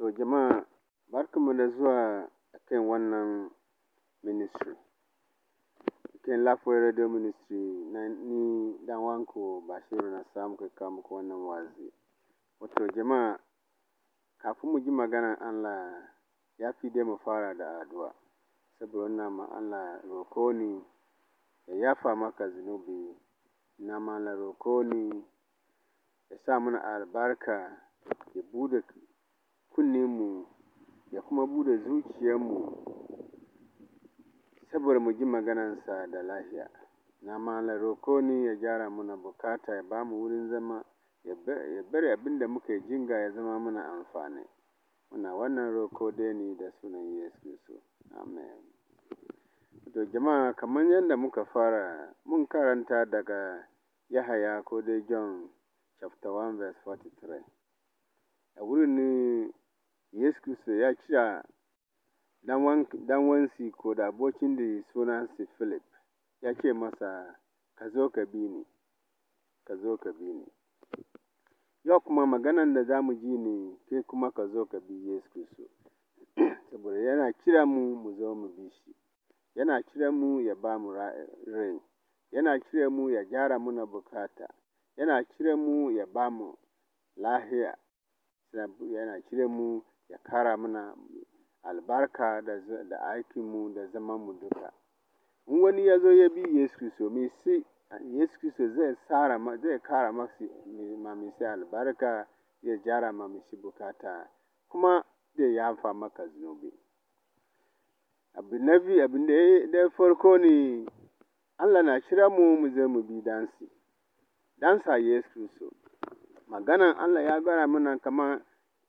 To jama'a barkanmu da zuwa a kan wannan ministry, kan Lafiyar Radio Ministry na ni bashiru na samu kai kawo muku wannan wa'azi. Wato jama'a kafin mu ji maganar Allah ya fi dai mu fara da addu'a, saboda wannan ma Allah roƙo ne ya yafa maka zunubi, na ma Allah roƙo ne ya sa mana albarka ya buɗe kunninmu ya kuma buɗe zuciyarmu saboda mu ji sa da lafiya. Na mala roko ne ya gyara mana bukata ya bamu wurin zama ya bari abin da muka yi jinga ya zama mana amfani. Muna wannan roko dai ni da sunan Yesu Kiristi. Amen. To jama'a kamar yadda muka fara mun karanta daga Yahaya ko dai John chapter 1 verse 43. a wurin ne Yesu Kristo ya kira danwansi ko da abokin da sunansa Philip, ya ce masa, Ka zo ka bi ni, ka zo ka bi ni. Yau kuma maganan da za mu ji ne, ke kuma ka zo ka bi Yesu Kristo. saboda yana kira mu mu zo mu bi shi, yana kira mu ya ba mu rai, yana kira mu ya gyara muna bukata, yana kira mu ya ba mu lahiya. yana mu ya kara mana albarka da aikinmu da zamanmu duka. In wani ya zo ya bi Yesu mai si Yesu kristo zai tsara zai ƙara ma Mesi albarka, ya jara ma mai bukata, kuma zai yafa maka zunubi. Abu na biyu, abin da farko ne, Allah na kira mu mu zai mu bi dansa, dansa Yesu kristo maganan Allah ya gwada mana kama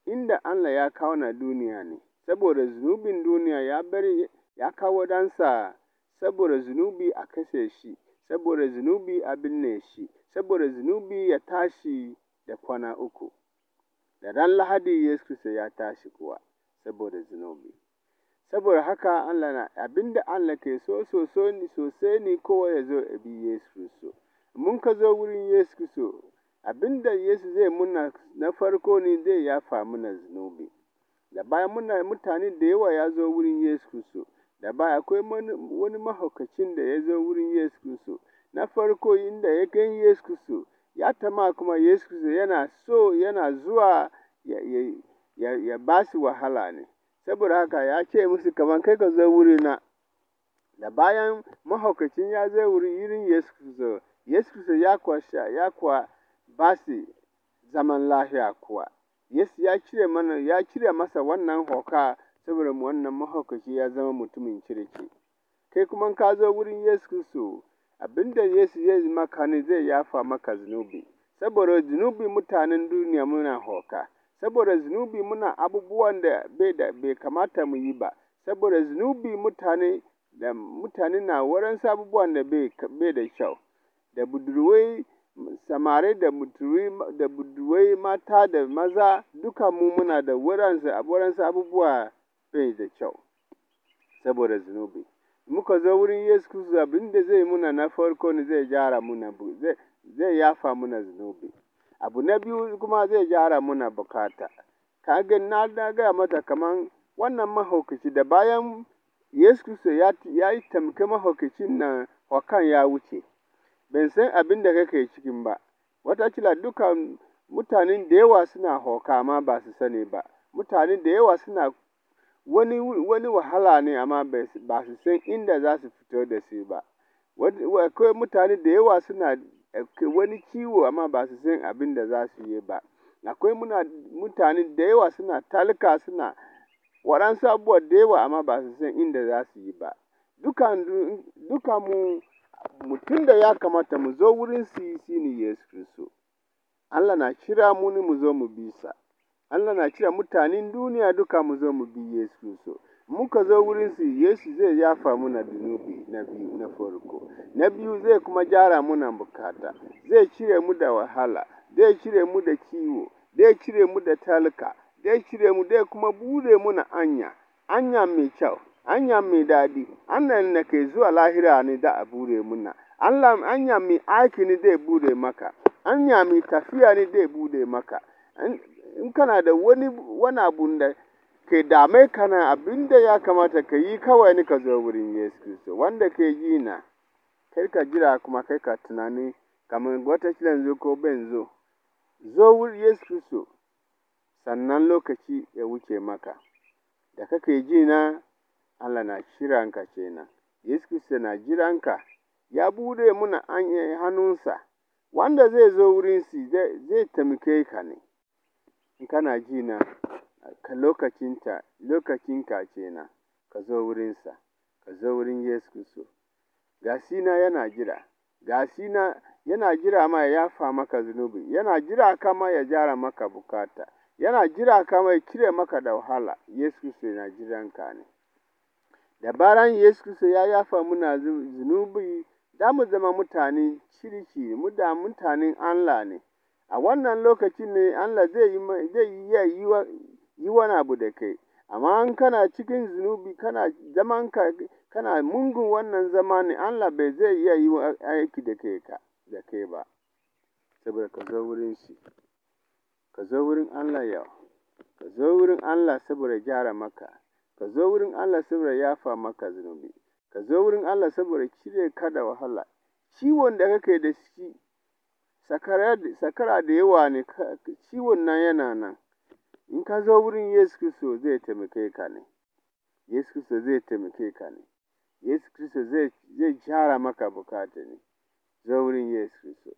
inda Allah ya kawo na duniya ne, saboda zunubin duniya ya bari ya kawo dansa saboda zunubi a kashe shi, saboda zunubi a binne shi, saboda zunubi ya tashi da kwana uku. Da ran Lahadi Yesu Kiristi ya tashi kuwa saboda zunubi. Saboda haka Allah na abin da Allah ke so sosai ne kowa ya zo ya Yesu Mun ka zo wurin Yesu Kiristi Abin da Yesu zai muna na farko ne zai yafa mana zunubi. Da baya muna mutane da yawa ya zo wurin Yesu Kiristi. Da baya akwai wani mahaukacin da ya zo wurin Yesu Kiristi. Na farko inda ya gan Yesu Kiristi, ya tama kuma Yesu Kiristi yana so yana zuwa ya, ya, ya, ya ba su wahala ne. Saboda haka ya ce musu kamar kai ka zo na Da bayan mahaukacin ya zo wurin Yesu Kiristi, Yesu Kiristi ya kwa sha, ya ba su zaman lafiya kuwa. Yesu ya cire mana ya cire masa wannan hauka saboda wannan mahaukaci ya zama mutumin kirki. Kai kuma ka zo wurin Yesu Kristo, abin da Yesu ya yi maka ne zai yafa maka zunubi. Saboda zunubi mutanen duniya muna hauka. Saboda zunubi muna abubuwan da bai da bai kamata mu yi ba. Saboda zunubi mutane da mutane na waran abubuwan da bai da kyau. Da budurwai samari da da budurwai mata da maza duka mu muna da waɗansu abubuwa bai da kyau saboda zunubi muka zo wurin Yesu kristo abin da zai muna na farko ne zai gyara muna zai yafa muna zunubi abu na biyu kuma zai gyara muna bukata Ka ga na gaya mata kaman wannan mahaukaci da bayan Yesu kristo ya yi tamke mahaukacin nan wakan ya wuce ban san abin da kake cikin ba, watakila dukan mutanen da yawa suna hauka ma ba su sani ba, mutanen da yawa suna wani, wani wahala ne amma ba su san inda za su fito da su ba. Akwai mutane da yawa suna wani ciwo amma ba su san abin da za su yi ba. Akwai mutane da yawa suna talaka suna waɗansu abubuwa da yawa amma ba su san inda za su yi ba. Dukan, dukan mu mutum da ya kamata mu zo wurin su shi ne Yesu Kristo. Allah na kira mu mu zo mu bi sa. Allah na kira mutanen duniya duka mu zo mu bi Yesu Kristo. Muka zo wurin su Yesu zai yafa muna dunubi na biyu na farko. Na biyu zai kuma gyara muna bukata. Zai cire mu da wahala. Zai cire mu da kiwo. Zai cire mu da talaka. Zai cire mu zai kuma bude muna anya. Anya mai kyau. Anya mi daɗi, Allah na ke zuwa lahira ne da abure muna, Allah hanya mi aiki ne bude maka, mi tafiya ne zai bude maka. In kana da wani wani abun da ke dame kana abin ya kamata ka yi kawai ni ka zo wurin Yesu kristo wanda ke yi na, kai ka jira kuma kai ka tunani kamar wata shirin zo ko ben zo, zo wurin Yesu kristo sannan lokaci ya wuce maka. Da kake ji na Allah na shiranka kenan. Yesu Kiristi na jiranka, ya bude muna eh, hannunsa, wanda zai zo wurinsu zai taimake ka ne. In kana ji na, ka lokacinta, lokacinka kenan, ka zo wurinsa, ka zo wurin Yesu Kiristi. na yana jira, na yana jira ma ya fa maka zunubi, yana jira kama ya jara maka bukata, yana jira kama ya cire maka da wahala, Yesu Kiristi na jiranka ne. Da zaran Yesu Kristo ya yafa muna zunubi, da mu zama mutanen kirki, mu da mutanen Allah ne. A wannan lokacin ne Allah zai zai yi wani abu da kai, amma in kana cikin zunubi, kana zamanka, kana mungun wannan zama ne, Allah bai zai iya yi aiki da kai ba. Saboda ka zo wurin shi, ka zo wurin Allah yau, ka zo wurin Allah saboda gyara maka. ka zo wurin Allah saboda fa maka zunubi, ka zo wurin Allah saboda cire ka da wahala, ciwon da kake da shi sakara da yawa ne, ciwon nan yana nan, in ka zo wurin Yesu Kristo zai taimake ka ne, Yesu Kristo zai taimake ka ne, Yesu Kristo zai jara maka bukata ne, zo wurin Yesu Kristo,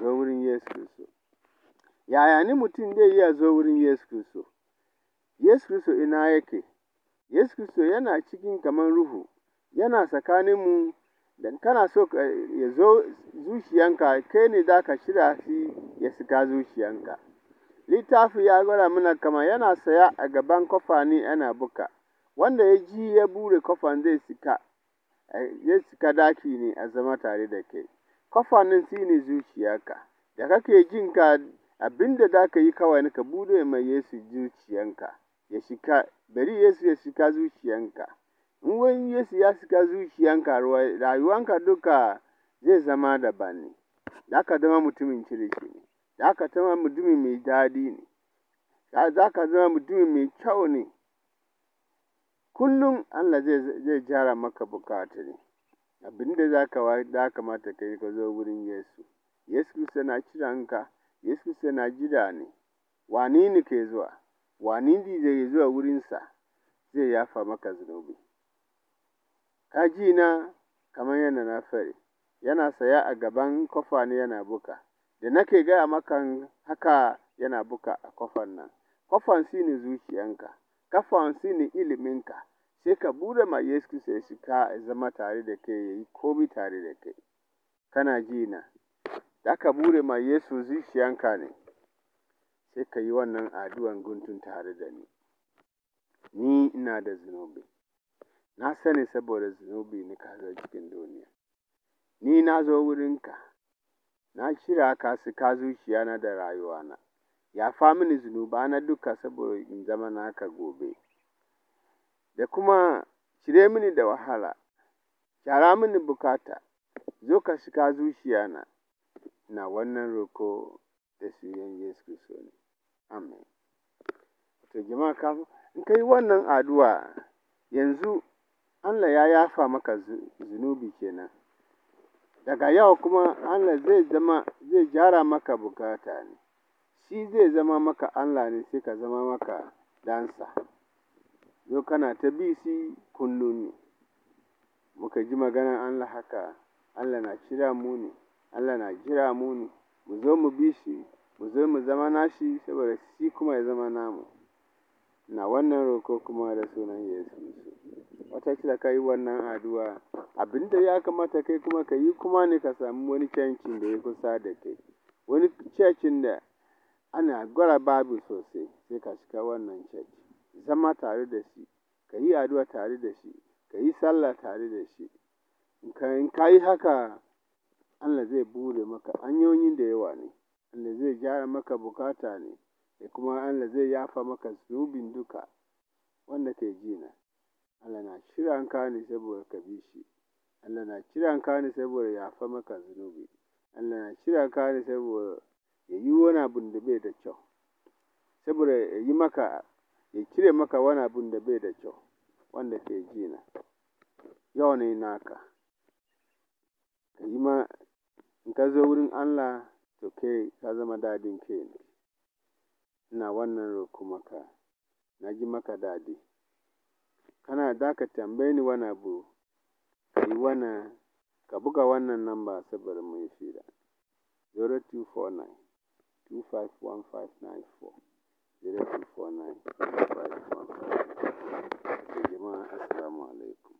zo wurin Yesu Kristo. Yaya ni mutum zai iya zo wurin Yesu Kristo? Yesu Kristo ina yake? Yesu Kiristi yana cikin kamar Ruhu, yana tsakaninmu, da kana so ya zo zuciyanka, kai ne za ka shirya shi ya shiga zuciyanka. Littafi ya gwada mana kama yana saya a gaban kofa ne ana buka, wanda ya ji ya bude kofa zai sika eh, ya daki ne a zama tare da kai. Kofa nan shi ne zuciyarka, da kake jin ka abin da za ka yi kawai ka bude mai Yesu zuciyanka, ya shika bari Yesu ya shiga zuciyanka. In wani Yesu ya shiga zuciyanka, rayuwanka duka zai zama daban ne. Za ka zama mutumin kirki ne, za ka zama mutumin mai daɗi ne, za ka zama mutumin mai kyau ne. Kullum Allah zai jara maka bukata ne. Abin da za ka da kamata ka yi ka zo wurin Yesu. Yesu Kiristi na kiranka, Yesu Kiristi na jira ne. ni ne ke zuwa? Wanidi ya zuwa wurinsa zai yafa maka zunubi. Ka ji na kamar yana na faɗi, yana saya a gaban ne yana buka da nake gaya maka haka yana buka a kofan nan. Kofan shi ne zuciyanka, kofan shi ne iliminka, sai ka buɗe ma Yesu sai ya shiga ya zama tare da kai, ya yi komi tare da kai. Kana ji na, da ka buɗe ma Yesu zuciyanka ne. sai ka yi wannan aduwan guntun tare da ni. Ni ina da zunubi, na sani saboda zunubi ni ka zo cikin duniya. Ni na zo wurinka, na shirya ka su ka na da rayuwana, yafa mini na duka saboda in zama naka gobe, da kuma cire mini da wahala, gyara mini bukata, zo ka shiga zuciya na na wannan roko da sunan Yesu Kiristi ne. Amin. To jama'a ka in kai wannan addu'a yanzu Allah ya yafa maka zunubi kenan. Daga yau kuma Allah zai zama zai gyara maka bukata ne. Shi zai zama maka Allah ne sai ka zama maka dansa Zo kana ta bi shi kullum Muka ji maganar Allah haka, Allah na kira mu ne, Allah na jira mu ne, mu zo mu bi shi. mu zo mu zama nashi saboda shi kuma ya zama namu na wannan roko kuma da sunan yesu wata watakila ka yi wannan addu'a abin da ya kamata kai kuma ka yi kuma ne ka samu wani cancin da ya kusa da kai wani cancin da ana gwara babu sosai sai ka shiga wannan cancin zama tare da shi ka yi addu'a tare da shi ka yi sallah tare da shi in ka yi haka Allah zai bude maka hanyoyin da yawa ne Allah zai gyara maka bukata ne, da kuma Allah zai yafa maka zunubin duka wanda ke jina. Allah na kiran ka ne saboda ka bi shi. Allah na kiran ka ne saboda yafa maka zunubi. Allah na kiran ka ne saboda ya yi wani abin da bai da kyau. Saboda ya yi maka, ya cire maka wani abin da bai da kyau wanda ke jina. Yau ne naka. Ka yi ma, in ka zo wurin Allah to kai ka zama dadin kai ina wannan roƙo maka na ji maka dadi kana da ka tambaye ni wani abu ka yi wannan ka buga wannan namba saboda mai shida fira 0249 251594 0249 251594 jama'a assalamu alaikum